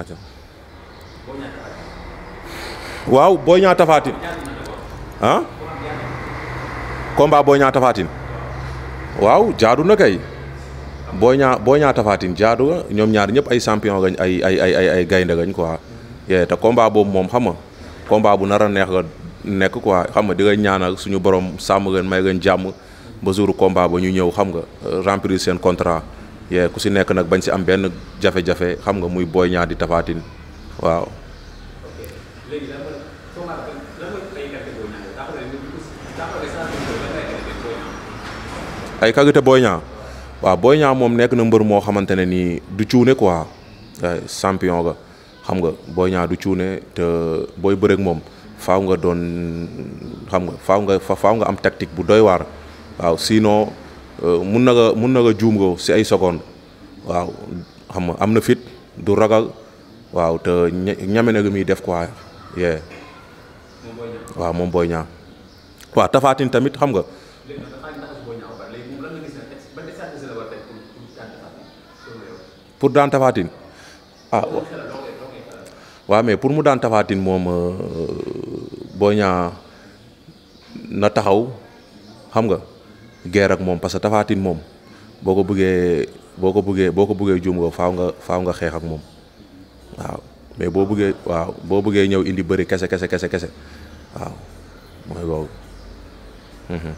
acca waaw Boy Niang Tapha Tine ah combat waaw jaadu na kay Boy Niang Boy Niang Tapha jaadu na ñoom ñaar ñëpp ay champion gañ ay ay gaynde gañ quoi yee te combat boobu moom xam nga combat bu nar a neex nga nekk quoi xam nga di nga ñaanal suñu borom sàmm gën may gën jàmm ba jour combat ba ñu ñëw xam nga remplir seen contrat yee ku si nekk nag bañ si am benn jafe-jafe xam nga muy booy Niang di Tapha waaw. ay qualité Boy ñaa waa booy Niang moom nekk na mbër moo xamante ne nii du cuune quoi champion ga xam nga Boy Niang du cuune te booy bëreek moom faaw nga doon xam nga faaw nga faaw nga am tactique bu doy waar waaw sinon euh, mun na nga mun na nga juum ko si ay seconde waaw xam nga am na fit du ragal waaw te ñame na lu muy def quoi yee waaw moom booy ñaa waa tafaatin tamit xam nga pour daan tafaatin ah waaw pour mu daan tafaatin moom euh, booy ñaa na taxaw xam nga guerre ak moom parce que tafaatin moom boo ko bëggee boo ko bëggee boo ko bëggee juum ko faaw nga faaw nga xeex ak moom waaw mais boo bëggee waaw boo bëggee ñëw indi bëri kese kese kese kese waaw mooy boobu. Mhm.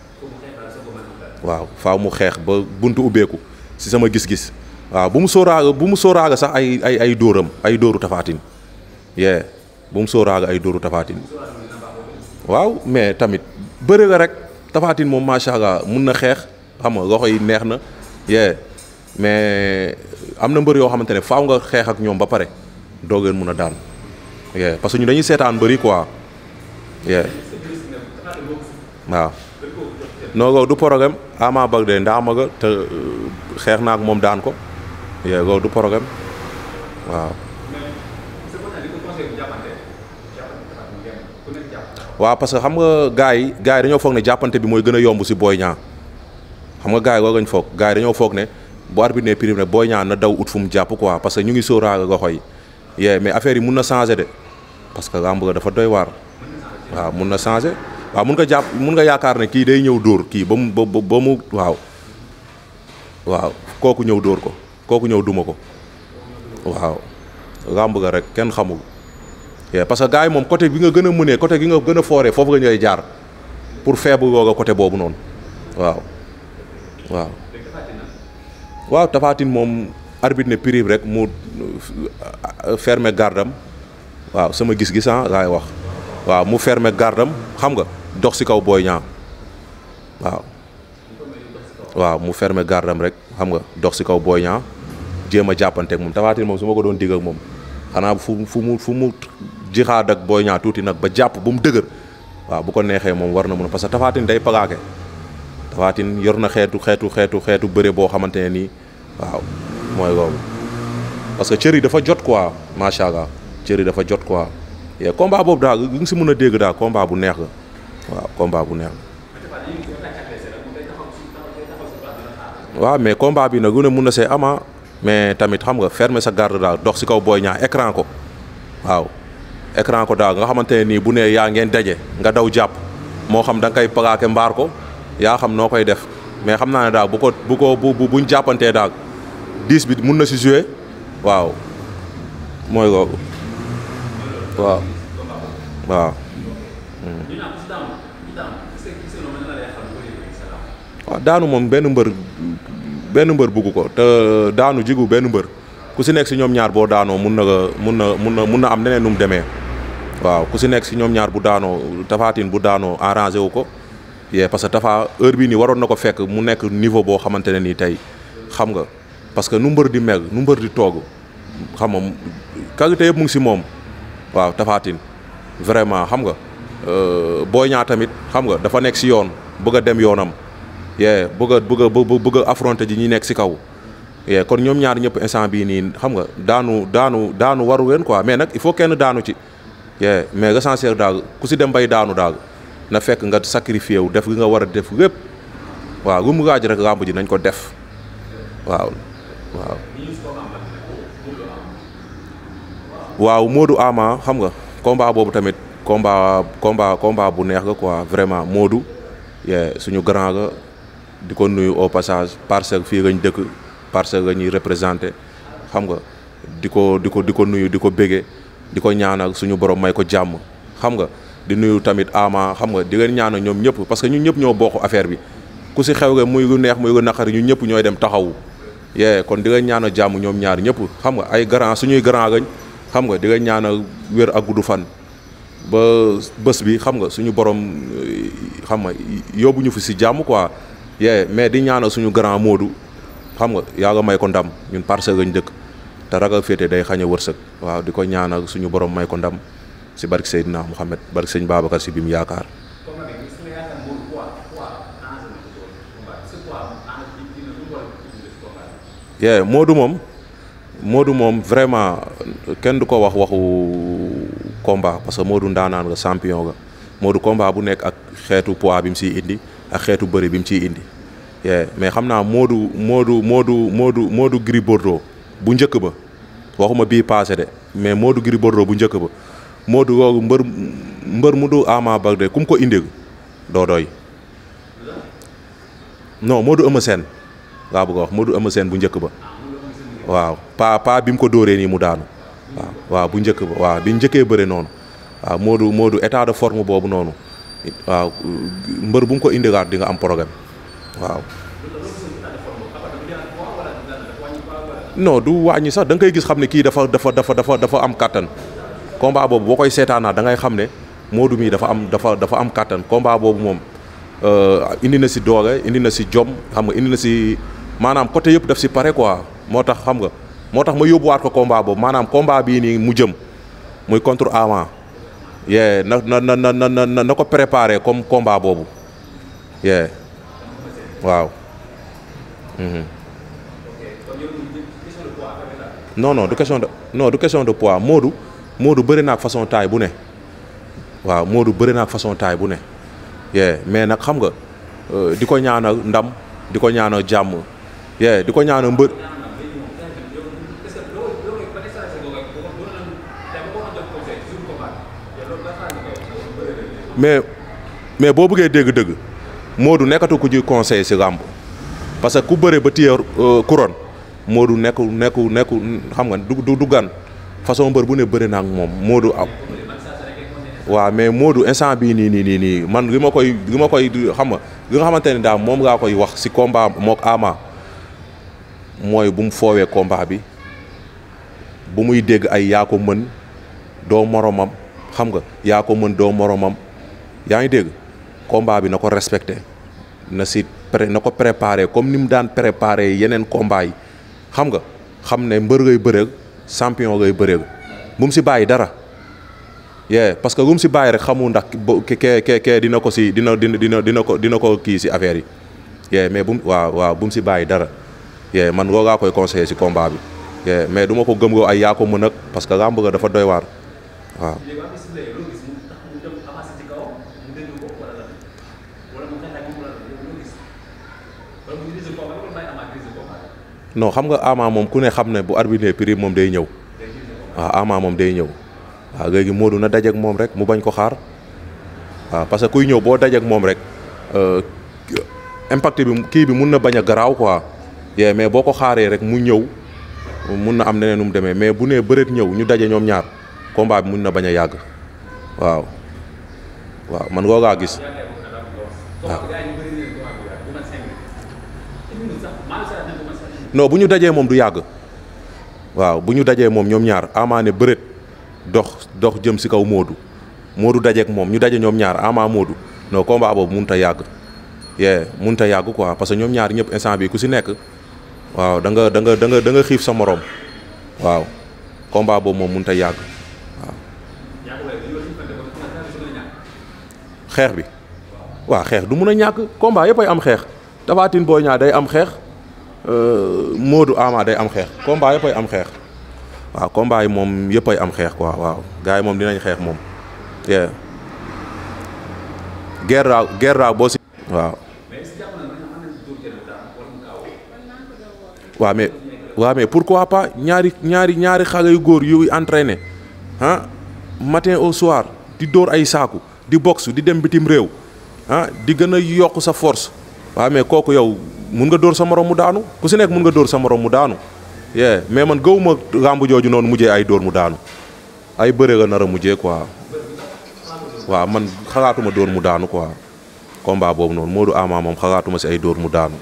waaw faaw mu xeex ba buntu ubbeeku si sama gis-gis. waaw bu mu sóoraaga bu mu sóoraaga sax ay ay ay dóoram ay dóoru tafaatin yee bu mu sóoraaga ay dóoru tafaatin waaw mais tamit bëri la rek tafaatin moom macha allah mun na xeex xam nga loxo yi neex na yee. mais am na mbër yoo xamante ne faaw nga xeex ak ñoom ba pare doog leen mun a daan parce que ñu dañuy seetaan bëri quoi waaw non du programme ama bag de ndaama ga te euh, xeex naa ak moom daan ko loolu du programme waaw. parce que xam nga gars yi gars yi dañoo foog ne jàppante bi mooy gën a yomb si booy Niang xam nga gars yi loolu lañ foog gars yi dañoo foog ne. bu bi ne prime rek Boy Niang na daw ut fu mu jàpp quoi parce que ñu ngi sóoraale goxo xoy yee mais affaire yi mun na changer de parce que làmb ga dafa doy waar waaw mun na changer waaw mun nga jàpp mun nga yaakaar ne kii day ñëw dóor kii ba mu ba mu waaw waaw kooku ñëw dóor ko kooku ñëw duma ko waaw làmb rek kenn xamul yee parce que gars yi moom côté bi nga gën a mënee côté gi nga gën a fooree foofu nga ñooy jaar pour faible googa côté boobu noonu waaw waaw waaw Tapha Tine moom arbitre ne prive rek mu euh, ferme gardam waaw sama gis-gis ah laay wax waaw mu fermer gardam xam nga dox si kaw booy Niang waaw waaw mu fermer gardam rek xam nga dox si kaw Boy Niang jéem a jàppanteeg moom Tapha moom su ma ko doon digg moom xanaa fu fu mu fu mu jixaad ak Boy Niang tuuti nag ba jàpp ba mu dëgër waaw bu ko neexee moom war na mun parce que Tapha Tine day pagaake Tapha Tine yor na xeetu xeetu xeetu xeetu bëre boo xamante ne nii waaw mooy boobu parce que cër yi dafa jot quoi macha allah cër yi dafa jot quoi et boobu daal li nga si mën a dégg daal combat bu neex la waaw combat bu neex la. waaw mais combat bi nag lu ne mun na see ama ah, mais tamit xam nga fermer sa garde daal dox si kaw booy ñaa écran ko waaw écran ko daal nga xamante ne nii bu ne yaa ngeen daje nga daw jàpp moo xam da nga koy mbaar ko. yaa xam noo koy def mais xam naa ne daal bu ko bu ko bu buñ jàppantee daal dix bi mun na si jouer waaw mooy loolu waaw waaw. daanu moom benn mbër benn mbër bugg ko te daanu jigu benn mbër ku si nekk si ñoom ñaar boo daanoo mun na mun na mun na mun na am neneen nu mu demee waaw ku si nekk si ñoom ñaar bu daanoo tafaatin bu daanoo arrangé wu ko. yee parce que Tapha heure bii nii waroon na ko fekk mu nekk niveau boo xamante ne nii tey xam nga parce que nu mbër di mel nu mbër di toog xam nga qualité yëpp mu si moom waaw Tapha Tine vraiment xam nga euh, boo ñaar tamit xam nga dafa nekk si yoon bëgg a dem yoonam yee bëgg a bëgg a bëgg a ji ñi nekk si kaw yee kon ñoom ñaar ñëpp instant bii nii xam nga daanu daanu daanu waru leen quoi mais nag il faut kenn daanu ci yee mais l'essentiel daal ku si dem bay daanu daal na fekk nga sacrifié wu def li nga war a def lépp waaw lu mu laaj rek làmb ji nañ ko def waaw waaw waaw Modou Ama xam nga combat boobu tamit combat combat combat bu neex la quoi vraiment moodu Modou suñu grand la di ko nuyu au passage parcelle fii lañ dëkk parcelle la ñuy représenté xam nga di ko di ko di ko nuyu di ko bége di ko ñaanal suñu borom may ko jàmm xam nga di nuyu tamit ama xam nga di leen ñaanal ñoom ñëpp parce que ñun ñëpp ñoo bokk affaire bi ku si xew nga muy lu neex muy lu naqari ñu ñëpp ñooy dem taxawu yee kon di leen ñaanal jàmm ñoom ñaar ñëpp xam nga ay grand suñuy grand gañ xam nga di ñaanal wér ak fan ba bés bi xam nga suñu borom eh, xam nga yóbbu ñu fi si jàmm quoi yee mais di ñaanal suñu grand moodu xam nga yàlla may ko ndam ñun Parcelles lañ dëkk te raga féete day xañ a wërsëg waaw di ko ñaanal suñu borom may ko ndam si barke Seydina Mouhamed barke sëñ Babacar si bi mu yaakaar. yee Modou moom Modou moom vraiment kenn du ko wax waxu combat parce que moodu ndaanaan nga champion nga Modou combat bu nekk ak xeetu poids bi si indi ak xeetu bëri bi mu siy indi yee mais xam naa moodu Modou moodu Modou moodu Gris Bordeaux bu njëkk ba waxuma bii passé de mais moodu Gris Bordeaux bu njëkk ba. Modou googu mbër mbër mu du Ama Baldé ku mu ko indi doo doy non Modou Eumeu Sène laa bëgg a wax Modou Eumeu Sène bu njëkk ba waaw paa pa bi mu ko dóoree nii mu daanu waaw bu njëkk ba waaw bi njëkkee bëre noonu waaw Modou Modou état de forme boobu noonu waaw mbër bu mu ko indilaat di nga am programme waaw. non du wàññi sax da nga koy gis xam ne kii dafa dafa dafa dafa dafa am kàttan. combat boobu boo koy seetaanaat dangay xam ne Modou mii dafa am dafa dafa am kàttan combat boobu moom euh, indi na si doole indi na si jom xam nga indi si maanaam côté yëpp daf si pare quoi moo tax xam nga moo tax ma yóbbuwaat ko combat boobu maanaam combat bii nii mu jëm muy contre Ama yee na na na na na na na ko préparer comme combat boobu yee waaw. Mhm. noonoo du question de non du question de poids Modou. Modou bëri naa façon taay bu ne waaw Modou bëri naa façon taay bu ne yee mais nag xam nga euh, di ko ñaanal ndam di ko ñaana jàmm yee di ko ñaanal mbër mais mais boo bëggee dégg-dëgg Modou nekkatu ku ji conseil si làmb parce que ku bëre ba téye euh, couronne Modou nekku nekku nekku xam nga du du gan façon mbër bu ne bëri na ak moom Moodu am waaw mais Moodu instant bii nii nii nii nii man li ma koy ma koy xam nga li xamante ne daal moom laa koy wax si combat mook Ama mooy bu foowee combat bi bu muy dégg ay yaa mën doo moromam xam nga yaa ko mën doo moromam yaa ngi dégg combat bi na ko respecté na si pré na ko préparé comme ni mu daan préparé yeneen combat yi xam nga xam ne mbër ngay bëreel. champion ngay bëreelu bu mu si bàyyi dara yee parce que bu si bàyyi rek xamu ndax ke ke ke dina ko si dina dina dina ko dina ko kii si affaire yi yee mais bu mu waaw waaw bu mu si bàyyi dara yee man loo laa koy conseillé si combat bi yee mais du ma ko gëm loo ay yaa ko mën ak parce que làmb ga dafa doy waar waaw non xam nga Ama moom ku ne xam ne bu arbitre prix moom day ñëw waaw ah, Ama moom day ñëw waaw ah, léegi Modou na dajeek moom rek mu bañ ko xaar waaw ah, parce que kuy ñëw boo dajeek moom rek euh, impact bi kii bi mun na bañ a garaaw quoi yee mais boo ko xaaree rek mu ñëw mun na am neneen nu mu demee mais bu nee bëreet ñëw ñu daje ñoom ñaar combat bi mun na bañ a yàgg waaw waaw man ngoo gaa gis non bu ñu dajee moom du yàgg waaw bu ñu dajee moom ñoom ñaar Ama ne bëreet dox dox jëm si kaw Modou Modou dajeek moom ñu daje ñoom ñaar Ama Modou non combat boobu mënut yàgg yee mënut yàgg quoi parce que ñoom ñaar ñëpp instant bi ku si nekk waaw da nga da nga da sa morom waaw combat boobu moom mënut a yàgg waaw. xeex bi waa xeex du mun a ñàkk combat yëpp ay am xeex Tapha Tine Boy day am xeex. Euh, Modou Ama day am xeex combat yëpp ay am xeex waaw combat yi moom yëpp ay am xeex quoi waaw gars yi moom dinañ xeex moom. guerre guerre boo si. waaw. waaw mais waaw mais pourquoi pas ñaari ñaari ñaari xale yu góor yuy entraîné ah matin au soir di dóor ay saaku di boxe di dem bitim réew ah di gën a yokk sa force waaw mais kooku yow. mun nga dóor sa morom mu daanu ku si nekk mun nga dóor sa morom mu daanu yee mais man gëwuma làmb jooju noonu mujjee ay dóor mu daanu ay bëre la nar a mujjee quoi waaw man xalaatuma dóor mu daanu quoi combat boobu noonu Modou Ama moom xalaatuma si ay dóor mu daanu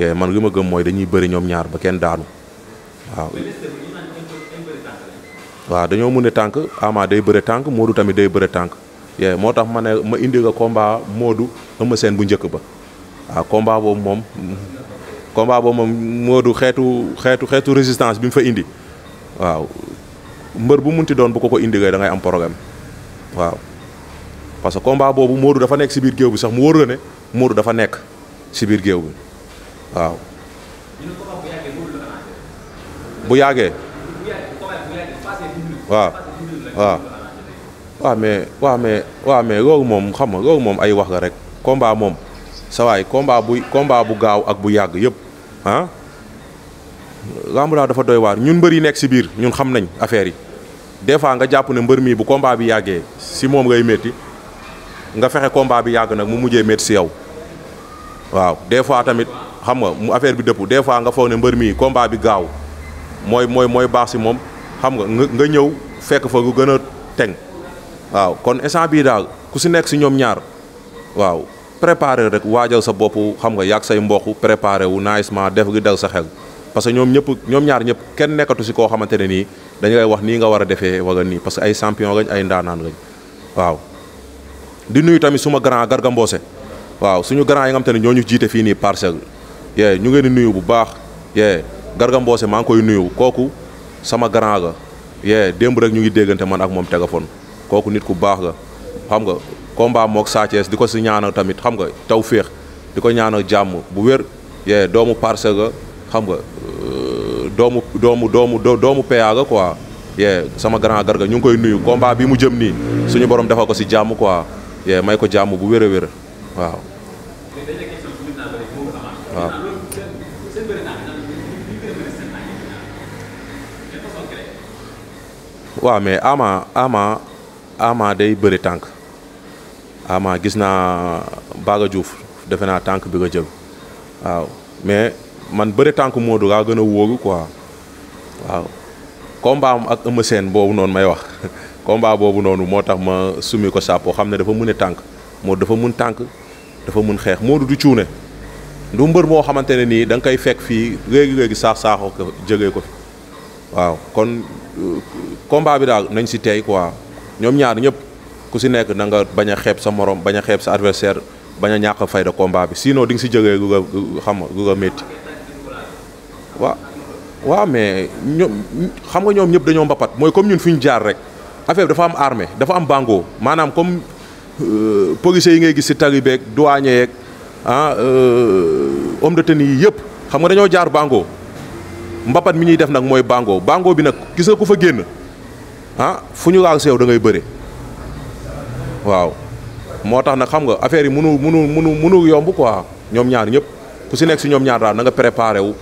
yee man li ma gëm mooy dañuy bëri ñoom ñaar ba kenn daanu waaw dañoo mun ne tànk Ama day bëre tànk Modou tamit day bëre tànk yee moo tax ma ne ma indi la combat Modou Eumeu bu njëkk ba waaw combat boobu moom combat boobu moom Modou xeetu xeetu xeetu résistance bi mu fa indi waaw mbër bu munti doon bu ko ko indi kay da ngay am programme waaw parce que combat boobu Modou dafa nekk si biir géew bi sax mu wóor la ne Modou dafa nekk si biir géew bi waaw. bu yàggee. waaw waaw waaw mais waaw mais waaw mais loolu moom xam nga loolu moom ay wax la rek combat moom. sawaay waay combat bu combat bu gaaw ak bu yàgg yëpp ah lamb daal dafa doy waar ñun mbër yi nekk si biir ñun xam nañ affaire yi des fois nga jàpp ne mbër mii bu combat bi yàggee si moom ngay métti nga fexe combat bi yàgg nag mu mujjee métti si yow waaw des fois tamit xam nga mu affaire bi dëpp des fois nga foog ne mbër mii combat bi gaaw mooy mooy mooy baax si moom xam nga nga ñëw fekk fa gu gën a teng waaw kon instant bii daal ku si nekk si ñoom ñaar waaw préparer rek waajal sa bopp xam nga yàgg say mbokk préparer wu naajement def gi dal sa xel parce que ñoom ñëpp ñoom ñaar ñëpp kenn nekkatu si koo xamante ne nii dañu lay wax nii nga war a defee wala nii parce que ay champion lañ ay ndaanaan lañ waaw. di nuyu tamit suma grand Garga mboose waaw suñu grand yi nga ne ñoo ñu jiite fii nii parcelle yee ñu ngeen di nuyu bu baax yee Garga Mbossé maa ngi koy nuyu kooku sama grand ga yee démb rek ñu ngi déggante man ak moom téléphone kooku nit ku baax la xam nga. combat mook Sa di ko si ñaana tamit xam nga taw féex di ko ñaana jàmm bu wér yee doomu parce ga xam nga euh, doomu doomu doomu doomu PA ga quoi yee sama grand garga ñu ngi koy nuyu combat bi mu jëm nii suñu borom defal ko si jàmm quoi yee may ko jàmm bu wér a wér waaw waaw waaw mais ama ama ama day bëri tànk ama gis naa Baga Diouf defe naa tànk bi nga jël waaw mais man bëre tànk Modou laa gën a wóoru quoi waaw combat am ak Eumeu Sène boobu noonu may wax combat boobu noonu moo tax ma sumi ko sàppoo xam ne dafa mën a tànk moo dafa mun tànk dafa mun xeex Modou du cuune du mbër moo xamante ne nii danga nga koy fekk fii léegi-léegi saax saaxoo ko jëgee ko fi waaw kon euh, combat bi daal nañ si tey quoi ñoom ñaar ñëpp ku si nekk nanga bañ a xeeb sa morom bañ a xeeb sa adversaire bañ a ñàkk fayda combat bi sinon di nga si jógee gu nga xam gu nga mais ñoom xam nga ñoom ñëpp dañoo mbapat mooy comme ñun fu ñu jaar rek affaire dafa am armée dafa am bango maanaam comme euh, policiers yi ngay gis si tali beeg douane yeeg ah euh, de tenue yëpp xam nga dañoo jaar bango mbapat mi ñuy def nag mooy bango bango bi nag gis nga ku fa génn ah fu ñu laal seew da ngay bëre. waaw moo tax na xam nga affaire yi munu munu munu munu yomb quoi ñoom ñaar ñëpp ku si nekk si ñoom ñaar daal na nga préparé wu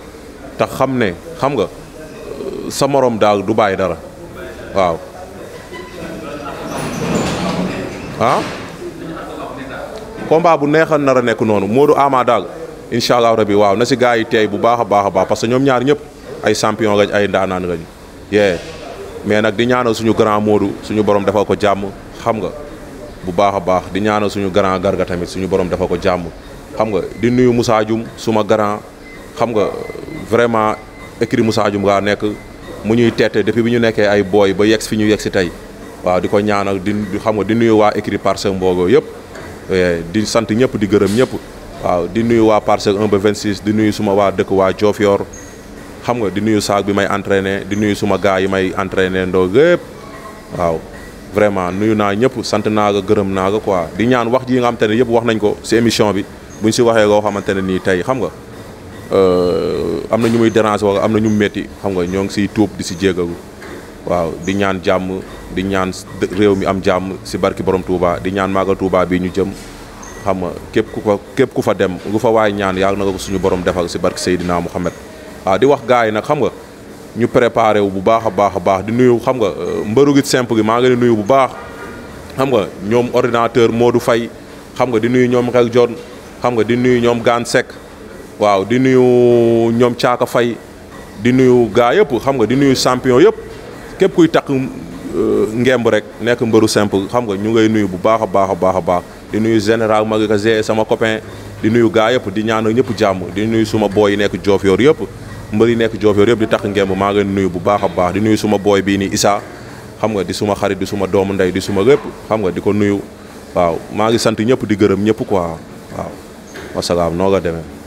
te xam ne xam nga euh, sa morom daal du bàyyi dara waaw ah combat bu neexal nar a nekk noonu Modou Ama daal incha allah bi waaw na si gars yi teey bu baax a baax a baax que ñoom ñaar ñëpp ay champion lañ ay ndaanaan lañ yee mais nag di ñaana suñu grand Modou suñu borom defal ko jàmm xam nga bu baax a baax di ñaanal suñu grand garga tamit suñu borom dafa ko jàmm xam nga di nuyu Moussa Dioum suma grand xam nga vraiment écrit Moussa Dioum ngaa nekk mu ñuy teete depuis bi ñu nekkee ay booy ba yegg fi ñu yegg si tey waaw di ko ñaanal di xam nga di nuyu waa écrit Parcelles Mbogo yëpp eh, di sant ñëpp di gërëm ñëpp waaw di nuyu waa Parcelles 1 ba 26 di nuyu suma waa dëkk waa Diofior xam nga di nuyu saag bi may entraîné di nuyu suma gars yi may entraîné ndoo yëpp waaw vraiment nuyu naa ñëpp sant naa ko gërëm naa ko di ñaan wax ji nga xamante ne yëpp wax nañ ko si émission bi buñ si waxee loo xamante ne nii tey xam nga euh, am na ñu muy déranger wala am na ñu métti xam nga ñoo ngi siy tuub di si jégalu waaw di ñaan jàmm di ñaan réew mi am jàmm si barki borom Touba di ñaan Magal Touba bii ñu jëm xam nga képp ku fa képp ku fa dem lu fa waay ñaan yàlla na ko suñu borom defal si barki Seydina Mouhamed waaw di wax gaa yi nag xam nga. ñu préparé wu bu baax a baax a baax di nuyu xam nga euh, mbëru gi gi maa ngi nuyu bu baax xam nga ñoom ordinateur Modou fay xam nga di nuyu ñoom xel John xam nga di nuyu ñoom Gaan Seck waaw di nuyu ñoom Caaka Faye di nuyu gaa yëpp xam nga di nuyu champion yëpp képp kuy takk euh, ngemb rek nekk mbëru simple xam nga ñu ngay nuyu bu baax a baax a baax baax di nuyu général Maguette sama copain di nuyu gaa yëpp di ñaanal ñëpp jàmm di nuyu suma booy yi nekk Diofior yëpp. mbër yi nekk Diofior yëpp di takk ngemb maa ngi nuyu bu baax a baax di nuyu suma booy bii nii Issa xam nga di suma xarit di suma doomu ndey di suma lépp xam nga di ko nuyu waaw maa ngi sant ñëpp di gërëm ñëpp ko waaw wasalaam noo nga demee